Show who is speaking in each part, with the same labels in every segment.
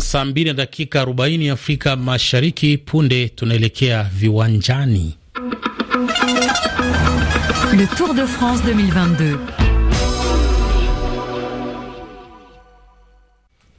Speaker 1: Saa mbili na dakika arobaini Afrika Mashariki. Punde tunaelekea viwanjani.
Speaker 2: Le Tour de France 2022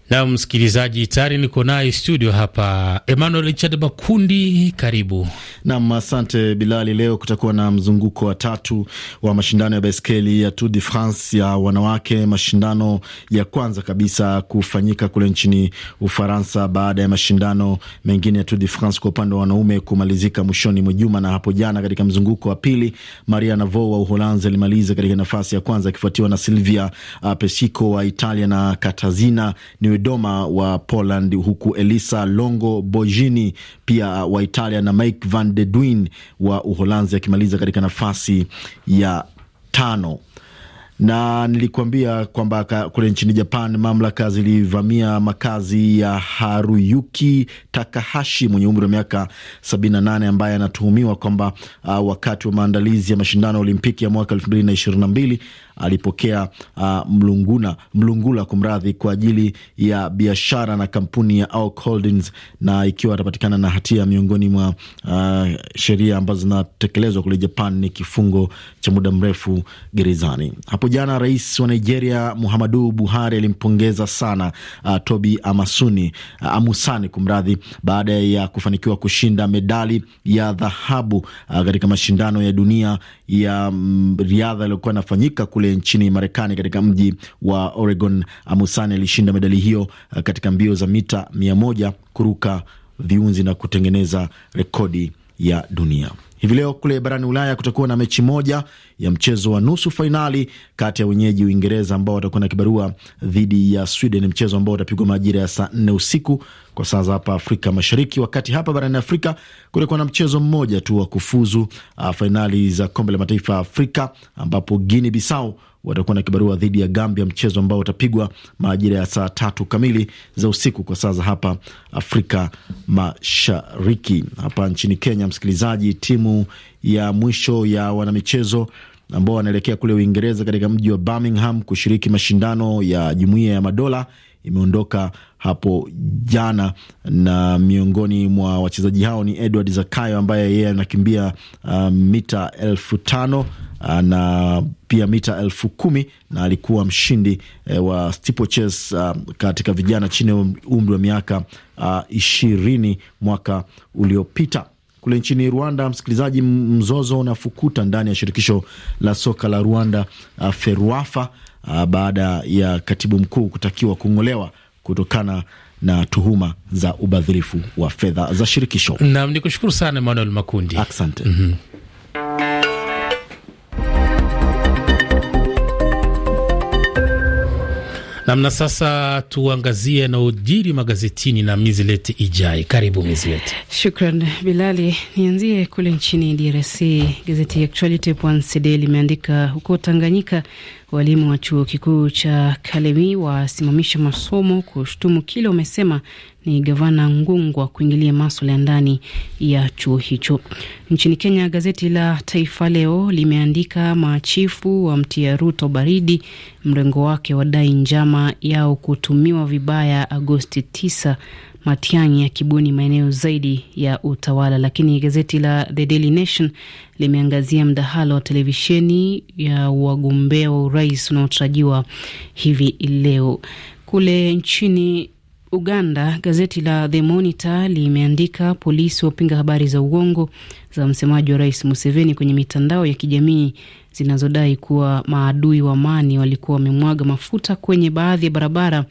Speaker 1: Na msikilizaji tayari niko naye studio hapa Emmanuel Richard Makundi, karibu
Speaker 2: nam. Asante Bilali. Leo kutakuwa na mzunguko wa tatu wa mashindano ya baiskeli ya Tour de France ya wanawake, mashindano ya kwanza kabisa kufanyika kule nchini Ufaransa baada ya mashindano mengine ya Tour de France kwa upande wa wanaume kumalizika mwishoni mwa juma. Na hapo jana katika mzunguko wa pili, Maria Navo wa Uholanzi alimaliza katika nafasi ya kwanza akifuatiwa na Silvia Pesico wa Italia na Katazina ni Dodoma wa Poland, huku Elisa Longo Bojini pia wa Italia na Mike van de Duin wa Uholanzi akimaliza katika nafasi ya tano na nilikuambia kwamba kule nchini Japan mamlaka zilivamia makazi ya Haruyuki Takahashi mwenye umri wa miaka 78 ambaye anatuhumiwa kwamba uh, wakati wa maandalizi ya mashindano ya Olimpiki ya mwaka 2022 alipokea uh, mlunguna mlungula kumradhi, kwa ajili ya biashara na kampuni ya Holdings, na ikiwa atapatikana na hatia, miongoni mwa uh, sheria ambazo zinatekelezwa kule Japan ni kifungo cha muda mrefu gerezani. Hapo jana rais wa Nigeria Muhammadu Buhari alimpongeza sana uh, Tobi Amasuni uh, Amusani kumradhi, baada ya kufanikiwa kushinda medali ya dhahabu uh, katika mashindano ya dunia ya um, riadha yaliyokuwa yanafanyika kule kule nchini Marekani, katika mji wa Oregon. amusani alishinda medali hiyo uh, katika mbio za mita mia moja kuruka viunzi na kutengeneza rekodi ya dunia. Hivi leo kule barani Ulaya kutakuwa na mechi moja ya mchezo wa nusu fainali kati ya wenyeji Uingereza ambao watakuwa na kibarua dhidi ya Sweden, mchezo ambao utapigwa majira ya saa nne usiku kwa saa za hapa Afrika Mashariki, wakati hapa barani Afrika kulikuwa na mchezo mmoja tu wa kufuzu uh, fainali za kombe la mataifa ya Afrika ambapo Guinea Bissau watakuwa na kibarua dhidi ya Gambia, mchezo ambao utapigwa majira ya saa tatu kamili za usiku kwa saa za hapa Afrika Mashariki. Hapa nchini Kenya, msikilizaji, timu ya mwisho ya wanamichezo ambao wanaelekea kule Uingereza katika mji wa Birmingham kushiriki mashindano ya Jumuiya ya Madola imeondoka hapo jana, na miongoni mwa wachezaji hao ni Edward Zakayo ambaye yeye anakimbia uh, mita elfu tano uh, na pia mita elfu kumi na alikuwa mshindi e, wa steeplechase uh, katika vijana chini ya umri wa miaka uh, ishirini mwaka uliopita. Kule nchini Rwanda, msikilizaji, mzozo unafukuta ndani ya shirikisho la soka la Rwanda, uh, FERWAFA uh, baada ya katibu mkuu kutakiwa kung'olewa kutokana na tuhuma za ubadhirifu wa fedha za shirikisho.
Speaker 1: Naam, ni kushukuru sana Emmanuel Makundi, asante. mm -hmm. Namna sasa, tuangazie ujiri magazetini na Mizilet Ijai. Karibu Mizilet.
Speaker 3: Shukran Bilali, nianzie kule nchini DRC. Gazeti ya Point CD limeandika huko Tanganyika Walimu wa chuo kikuu cha Kalemi wasimamisha masomo kushutumu kile wamesema ni gavana Ngungwa kuingilia maswala ya ndani ya chuo hicho. Nchini Kenya, gazeti la Taifa Leo limeandika machifu wa mtia Ruto baridi, mrengo wake wadai njama yao kutumiwa vibaya Agosti 9 Matiang'i akibuni maeneo zaidi ya utawala. Lakini gazeti la The Daily Nation limeangazia mdahalo wa televisheni ya wagombea wa urais unaotarajiwa hivi leo kule nchini Uganda, gazeti la The Monitor limeandika polisi wapinga habari za uongo za msemaji wa rais Museveni kwenye mitandao ya kijamii zinazodai kuwa maadui wa amani walikuwa wamemwaga mafuta kwenye baadhi ya barabara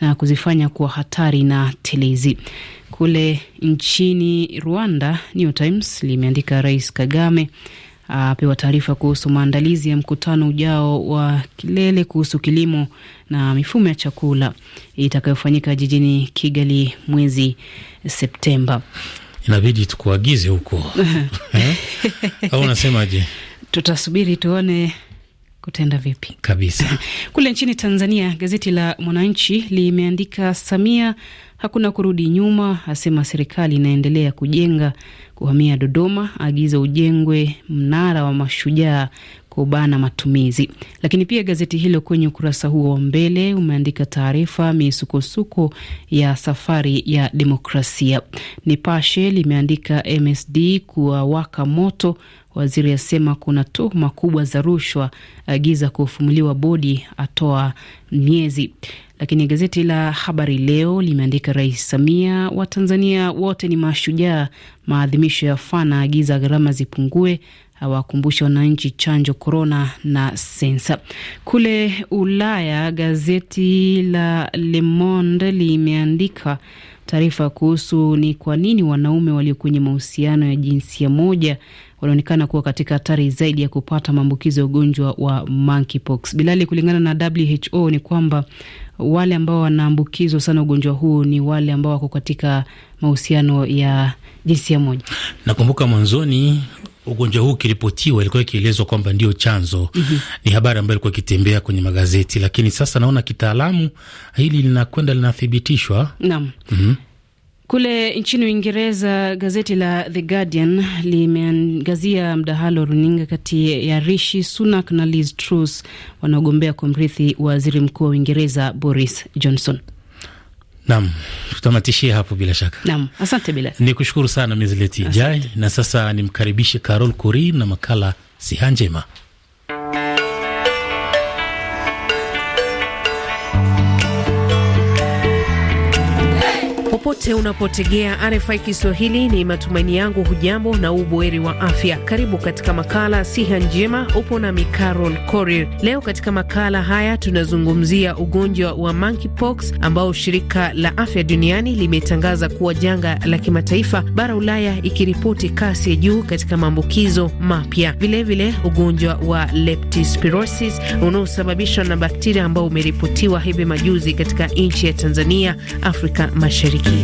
Speaker 3: na kuzifanya kuwa hatari na telezi. Kule nchini Rwanda, New Times limeandika Rais Kagame apewa taarifa kuhusu maandalizi ya mkutano ujao wa kilele kuhusu kilimo na mifumo ya chakula itakayofanyika jijini Kigali mwezi Septemba.
Speaker 1: Inabidi tukuagize huko eh? au unasemaje?
Speaker 3: Tutasubiri tuone kutenda vipi kabisa. Kule nchini Tanzania, gazeti la Mwananchi limeandika Samia Hakuna kurudi nyuma, asema serikali inaendelea kujenga. Kuhamia Dodoma, agiza ujengwe mnara wa mashujaa kubana matumizi. Lakini pia gazeti hilo kwenye ukurasa huo wa mbele umeandika taarifa misukosuko ya safari ya demokrasia. Nipashe limeandika MSD kuwawaka moto, waziri asema kuna tuhuma kubwa za rushwa, agiza kufumuliwa bodi, atoa miezi. Lakini gazeti la Habari Leo limeandika Rais Samia, Watanzania wote ni mashujaa, maadhimisho ya fana agiza gharama zipungue, awakumbusha wananchi chanjo korona na sensa. Kule Ulaya, gazeti la Le Monde limeandika taarifa kuhusu ni kwa nini wanaume walio kwenye mahusiano ya jinsia moja wanaonekana kuwa katika hatari zaidi ya kupata maambukizo ya ugonjwa wa monkeypox. Bilali, kulingana na WHO ni kwamba wale ambao wanaambukizwa sana ugonjwa huu ni wale ambao wako katika mahusiano ya jinsia moja.
Speaker 1: Nakumbuka mwanzoni ugonjwa huu ukiripotiwa ilikuwa ikielezwa kwamba ndio chanzo. mm -hmm. Ni habari ambayo ilikuwa ikitembea kwenye magazeti, lakini sasa naona kitaalamu hili linakwenda linathibitishwa.
Speaker 3: Naam. mm -hmm. Kule nchini Uingereza, gazeti la The Guardian limeangazia mdahalo runinga kati ya Rishi Sunak na Liz Truss wanaogombea kwa mrithi waziri mkuu wa Uingereza Boris Johnson.
Speaker 1: Nam, tutamatishie hapo bila shaka.
Speaker 3: Nam, asante bila
Speaker 1: ni kushukuru sana Mizleti Jai, na sasa nimkaribishe Carol Kurin na makala Siha Njema.
Speaker 4: popote unapotegea RFI Kiswahili, ni matumaini yangu hujambo na uboeri wa afya. Karibu katika makala siha njema, upo nami Carol Korir. Leo katika makala haya tunazungumzia ugonjwa wa monkeypox ambao shirika la afya duniani limetangaza kuwa janga la kimataifa, bara Ulaya ikiripoti kasi ya juu katika maambukizo mapya. Vilevile ugonjwa wa leptospirosis unaosababishwa na bakteria ambao umeripotiwa hivi majuzi katika nchi ya Tanzania, Afrika
Speaker 3: Mashariki.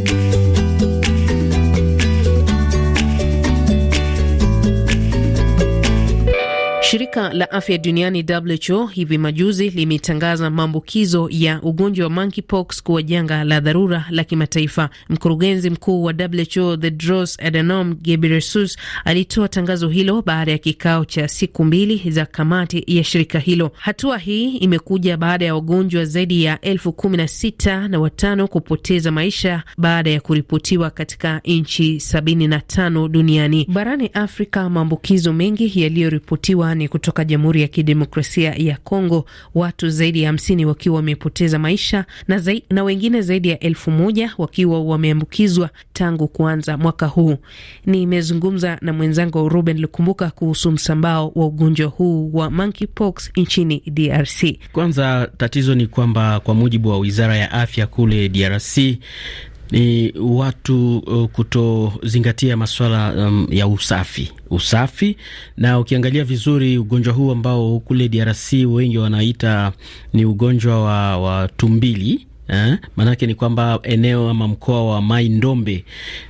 Speaker 4: Shirika la afya duniani WHO hivi majuzi limetangaza maambukizo ya ugonjwa wa monkeypox kuwa janga la dharura la kimataifa. Mkurugenzi mkuu wa WHO Tedros Adhanom Ghebreyesus alitoa tangazo hilo baada ya kikao cha siku mbili za kamati ya shirika hilo. Hatua hii imekuja baada ya wagonjwa zaidi ya elfu kumi na sita na watano kupoteza maisha baada ya kuripotiwa katika nchi sabini na tano duniani. Barani Afrika, maambukizo mengi yaliyoripotiwa amani kutoka Jamhuri ya Kidemokrasia ya Kongo, watu zaidi ya hamsini wakiwa wamepoteza maisha na, zai, na wengine zaidi ya elfu moja wakiwa wameambukizwa tangu kuanza mwaka huu. Nimezungumza na mwenzangu Ruben Lukumbuka kuhusu msambao wa ugonjwa huu wa monkeypox nchini
Speaker 5: DRC. Kwanza tatizo ni kwamba kwa mujibu wa Wizara ya Afya kule DRC ni watu uh, kutozingatia masuala um, ya usafi usafi. Na ukiangalia vizuri ugonjwa huu ambao kule DRC wengi wanaita ni ugonjwa wa, wa tumbili eh? Maanake ni kwamba eneo ama mkoa wa Mai Ndombe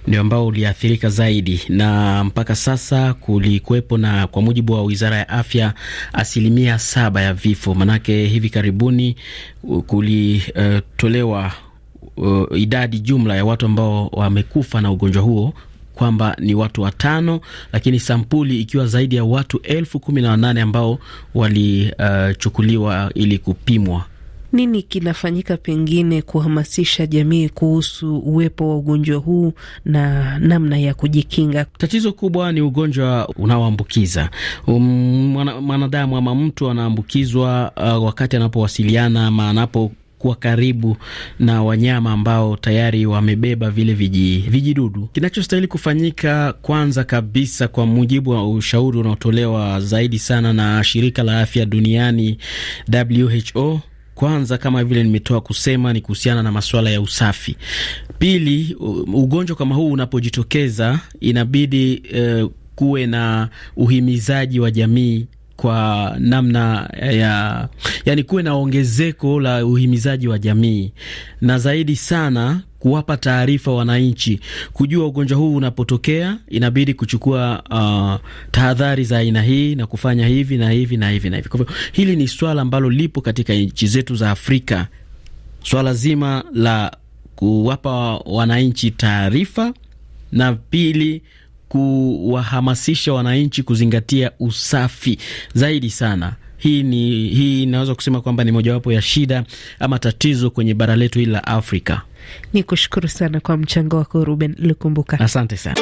Speaker 5: ndio ambao uliathirika zaidi, na mpaka sasa kulikuwepo na, kwa mujibu wa wizara ya afya, asilimia saba ya vifo. Maanake hivi karibuni uh, kulitolewa uh, uh, idadi jumla ya watu ambao wamekufa na ugonjwa huo kwamba ni watu watano, lakini sampuli ikiwa zaidi ya watu elfu kumi na wanane ambao walichukuliwa uh, ili kupimwa.
Speaker 4: Nini kinafanyika pengine kuhamasisha jamii kuhusu uwepo wa ugonjwa huu na namna ya kujikinga?
Speaker 5: Tatizo kubwa ni ugonjwa unaoambukiza. Um, mwanadamu ama mtu anaambukizwa uh, wakati anapowasiliana ama anapo kuwa karibu na wanyama ambao tayari wamebeba vile viji, vijidudu. Kinachostahili kufanyika kwanza kabisa, kwa mujibu wa ushauri unaotolewa zaidi sana na shirika la afya duniani WHO kwanza kama vile nimetoa kusema ni kuhusiana na masuala ya usafi. Pili, ugonjwa kama huu unapojitokeza inabidi uh, kuwe na uhimizaji wa jamii kwa namna ya yani, kuwe na ongezeko la uhimizaji wa jamii na zaidi sana kuwapa taarifa wananchi, kujua ugonjwa huu unapotokea inabidi kuchukua uh, tahadhari za aina hii na kufanya hivi na hivi na hivi na hivi. Kwa hivyo hili ni swala ambalo lipo katika nchi zetu za Afrika, swala zima la kuwapa wananchi taarifa na pili kuwahamasisha wananchi kuzingatia usafi zaidi sana. Hii ni hii inaweza kusema kwamba ni mojawapo ya shida ama tatizo kwenye bara letu hili la Afrika. Ni kushukuru sana kwa mchango wako Ruben Lukumbuka, asante sana.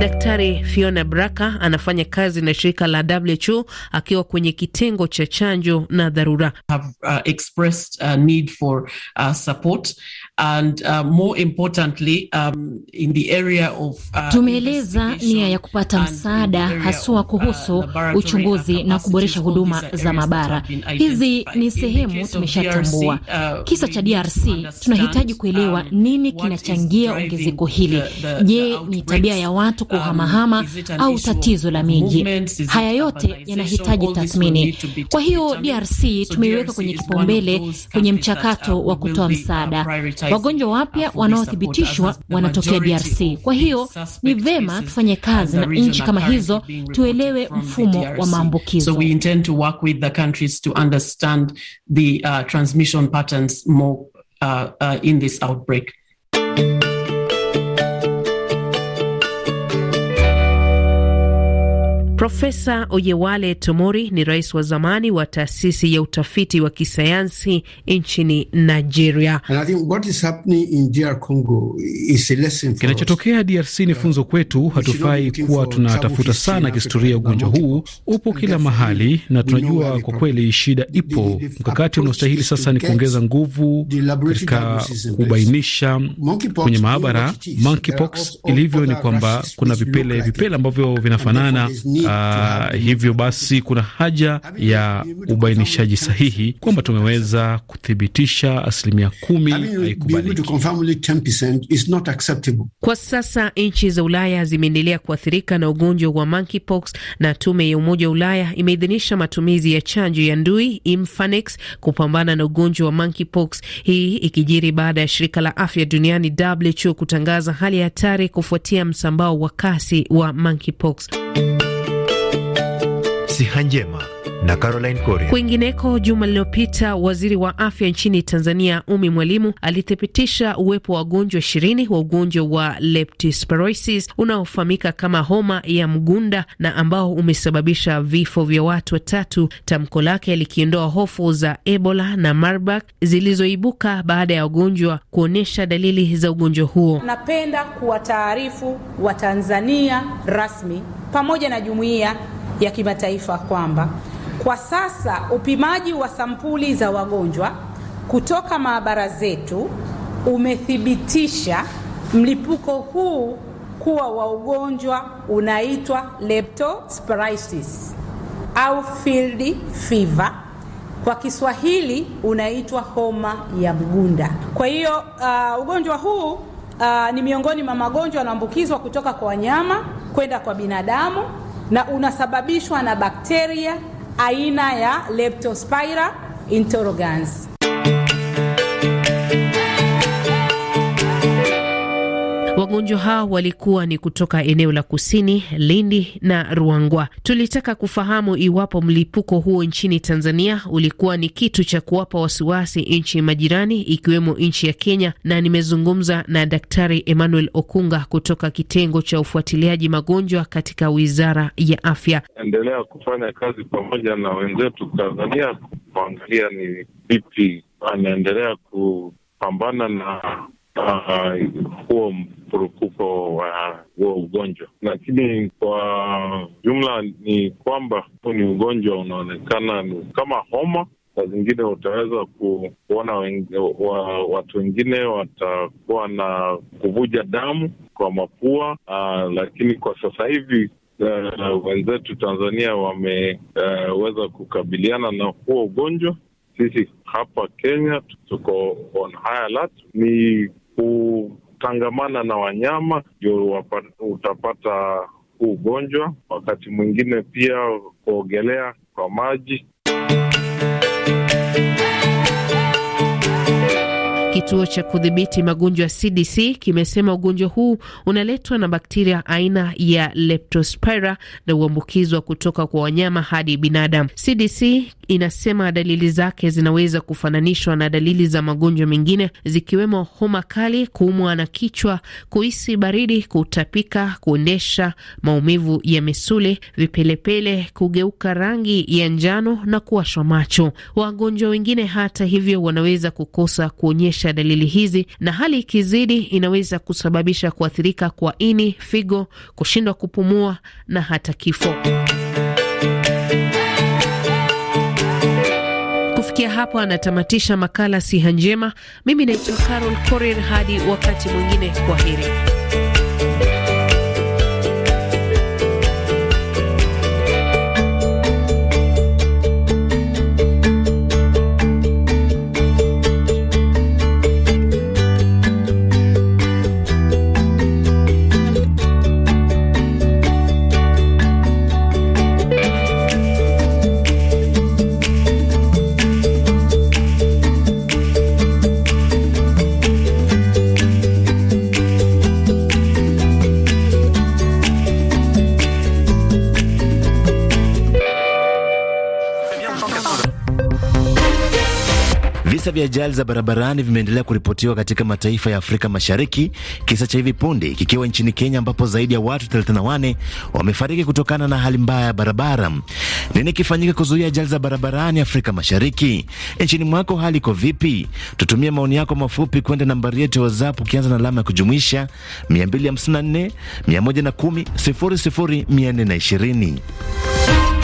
Speaker 4: Daktari Fiona Braka anafanya kazi na shirika la WHO akiwa kwenye kitengo cha chanjo na dharura. Have,
Speaker 5: uh, expressed, uh, need for, uh, support and uh, more importantly um, in the area of uh,
Speaker 6: tumeeleza nia ya kupata msaada haswa uh, kuhusu uh, uchunguzi na kuboresha huduma za maabara. Hizi ni sehemu tumeshatambua. Uh, kisa cha DRC tunahitaji kuelewa um, nini kinachangia ongezeko hili. Je, ni tabia ya watu um, kuhamahama um, au tatizo la miji? Haya yote yanahitaji tathmini. Kwa hiyo DRC tumeiweka kwenye kipaumbele kwenye mchakato uh, wa kutoa uh, msaada. Wagonjwa wapya wanaothibitishwa wanatokea DRC. Kwa hiyo ni vema tufanye kazi na nchi kama hizo, tuelewe mfumo wa
Speaker 5: maambukizo. So uh, uh, uh, in this outbreak.
Speaker 4: Profesa Oyewale Tomori ni rais wa zamani wa taasisi ya utafiti wa kisayansi nchini Nigeria.
Speaker 5: Kinachotokea DRC ni funzo kwetu. Hatufai kuwa tunatafuta sana kihistoria ya ugonjwa huu, upo kila mahali na tunajua kwa kweli shida ipo. Mkakati unaostahili sasa ni kuongeza nguvu katika kubainisha kwenye maabara monkeypox ilivyo, ni kwamba kuna vipele vipele ambavyo vinafanana uh, Uh, hivyo basi kuna haja ya ubainishaji sahihi kwamba tumeweza kuthibitisha asilimia
Speaker 2: kumi haikubaliki.
Speaker 4: Kwa sasa nchi za Ulaya zimeendelea kuathirika na ugonjwa wa monkeypox, na tume ya Umoja wa Ulaya imeidhinisha matumizi ya chanjo ya ndui Imfanex kupambana na ugonjwa wa monkeypox, hii ikijiri baada ya shirika la afya duniani WHO kutangaza hali ya hatari kufuatia msambao wa kasi wa monkeypox.
Speaker 1: Siha Njema na Caroline Corey.
Speaker 4: Kwingineko, juma lililopita, waziri wa afya nchini Tanzania Umi Mwalimu alithibitisha uwepo wa wagonjwa ishirini wa ugonjwa wa leptospirosis unaofahamika kama homa ya mgunda na ambao umesababisha vifo vya watu watatu, tamko lake likiondoa hofu za Ebola na Marburg zilizoibuka baada ya wagonjwa kuonyesha dalili za ugonjwa huo.
Speaker 3: Napenda kuwataarifu Watanzania rasmi pamoja na jumuiya ya kimataifa kwamba kwa sasa upimaji wa sampuli za wagonjwa kutoka maabara zetu umethibitisha mlipuko huu kuwa wa ugonjwa unaitwa leptospirosis au field fever, kwa Kiswahili unaitwa homa ya mgunda. Kwa hiyo uh, ugonjwa huu uh, ni miongoni mwa magonjwa yanayoambukizwa kutoka kwa wanyama kwenda kwa binadamu na unasababishwa na bakteria aina ya Leptospira interrogans.
Speaker 4: Wagonjwa hao walikuwa ni kutoka eneo la Kusini, Lindi na Ruangwa. Tulitaka kufahamu iwapo mlipuko huo nchini Tanzania ulikuwa ni kitu cha kuwapa wasiwasi nchi majirani ikiwemo nchi ya Kenya, na nimezungumza na Daktari Emmanuel Okunga kutoka kitengo cha ufuatiliaji magonjwa katika Wizara ya Afya.
Speaker 1: Endelea kufanya kazi pamoja na wenzetu Tanzania kuangalia ni vipi anaendelea kupambana na Uh, huo uh, mpurukuko wa huo ugonjwa. Lakini kwa jumla ni kwamba huu ni ugonjwa unaonekana ni kama homa saa zingine utaweza kuona wa, watu wengine watakuwa na kuvuja damu kwa mapua uh, lakini kwa sasa hivi uh, wenzetu Tanzania wameweza uh, kukabiliana na huo ugonjwa. Sisi hapa Kenya tuko on high alert. Ni kutangamana na wanyama ndio utapata huu ugonjwa. Wakati mwingine pia kuogelea kwa maji
Speaker 4: Kituo cha kudhibiti magonjwa CDC kimesema ugonjwa huu unaletwa na bakteria aina ya Leptospira na huambukizwa kutoka kwa wanyama hadi binadamu. CDC inasema dalili zake zinaweza kufananishwa na dalili za magonjwa mengine zikiwemo homa kali, kuumwa na kichwa, kuhisi baridi, kutapika, kuendesha, maumivu ya misuli, vipelepele, kugeuka rangi ya njano na kuwashwa macho. Wagonjwa wengine hata hivyo wanaweza kukosa kuonyesha kuonyesha dalili hizi, na hali ikizidi inaweza kusababisha kuathirika kwa ini, figo, kushindwa kupumua na hata kifo. Kufikia hapo anatamatisha makala Siha Njema. Mimi naitwa Carol Korir, hadi wakati mwingine, kwa heri.
Speaker 2: vya ajali za barabarani vimeendelea kuripotiwa katika mataifa ya Afrika Mashariki, kisa cha hivi punde kikiwa nchini Kenya ambapo zaidi ya watu 38 wamefariki kutokana na hali mbaya ya barabara. Nini kifanyika kuzuia ajali za barabarani Afrika Mashariki? Nchini mwako hali iko vipi? Tutumie maoni yako mafupi kwenda nambari yetu ya WhatsApp ukianza na alama ya kujumuisha 254 110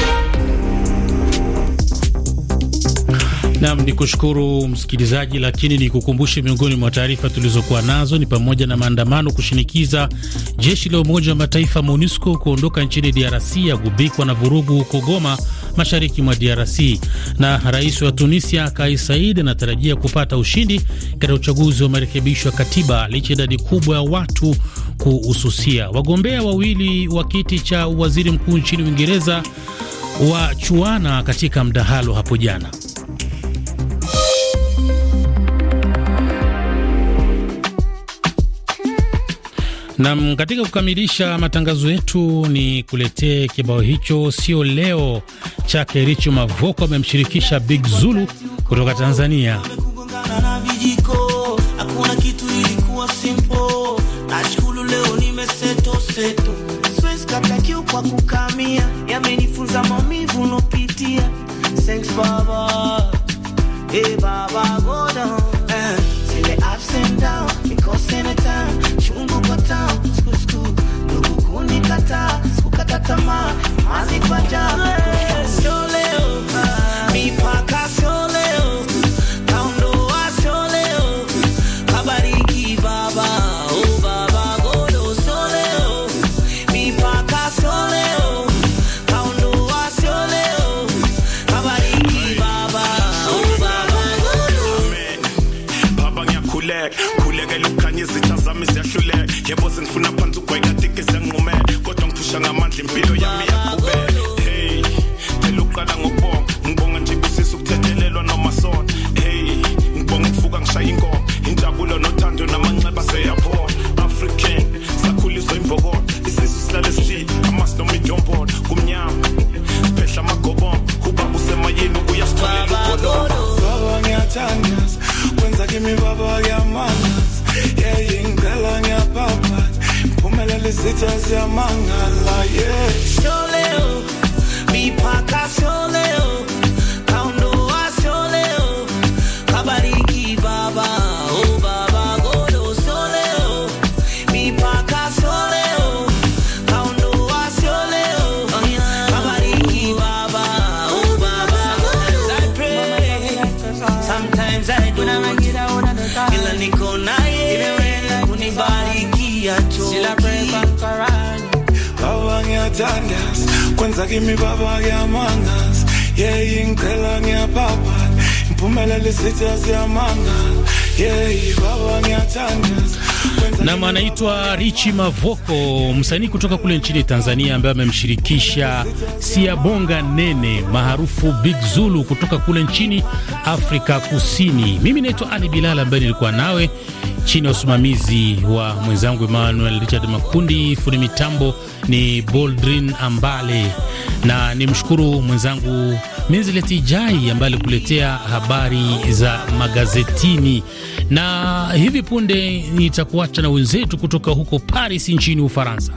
Speaker 2: Nam ni
Speaker 1: kushukuru msikilizaji, lakini ni kukumbushe miongoni mwa taarifa tulizokuwa nazo ni pamoja na maandamano kushinikiza jeshi la Umoja wa Mataifa MONUSCO kuondoka nchini DRC yagubikwa na vurugu huko Goma, mashariki mwa DRC, na rais wa Tunisia Kais Saied anatarajia kupata ushindi katika uchaguzi wa marekebisho ya katiba licha idadi kubwa ya watu kuhususia. Wagombea wawili wa kiti cha waziri mkuu nchini Uingereza wachuana katika mdahalo hapo jana. Nam, katika kukamilisha matangazo yetu ni kuletee kibao hicho sio leo chake Kericho Mavoko, amemshirikisha Big Zulu kutoka Tanzania.
Speaker 7: waseneta chungu sikukata tamaa mazi kwaja ngiyatandaza kwenza kimi baba-ke amangazi yeyi yeah, ngiqhela ngiyabhabhala impumelelo isitha ziyamangala Yeah, baba ngiyatandaza
Speaker 1: nam anaitwa Richi Mavoko, msanii kutoka kule nchini Tanzania, ambaye amemshirikisha Siyabonga Nene maarufu Big Zulu kutoka kule nchini Afrika Kusini. Mimi naitwa Ali Bilal, ambaye nilikuwa nawe chini ya usimamizi wa mwenzangu Emmanuel Richard Makundi. Fundi mitambo ni Boldrin Ambale, na nimshukuru mwenzangu Minzileti Jai ambaye alikuletea habari za magazetini, na hivi punde nitakuacha na wenzetu kutoka huko Paris nchini Ufaransa.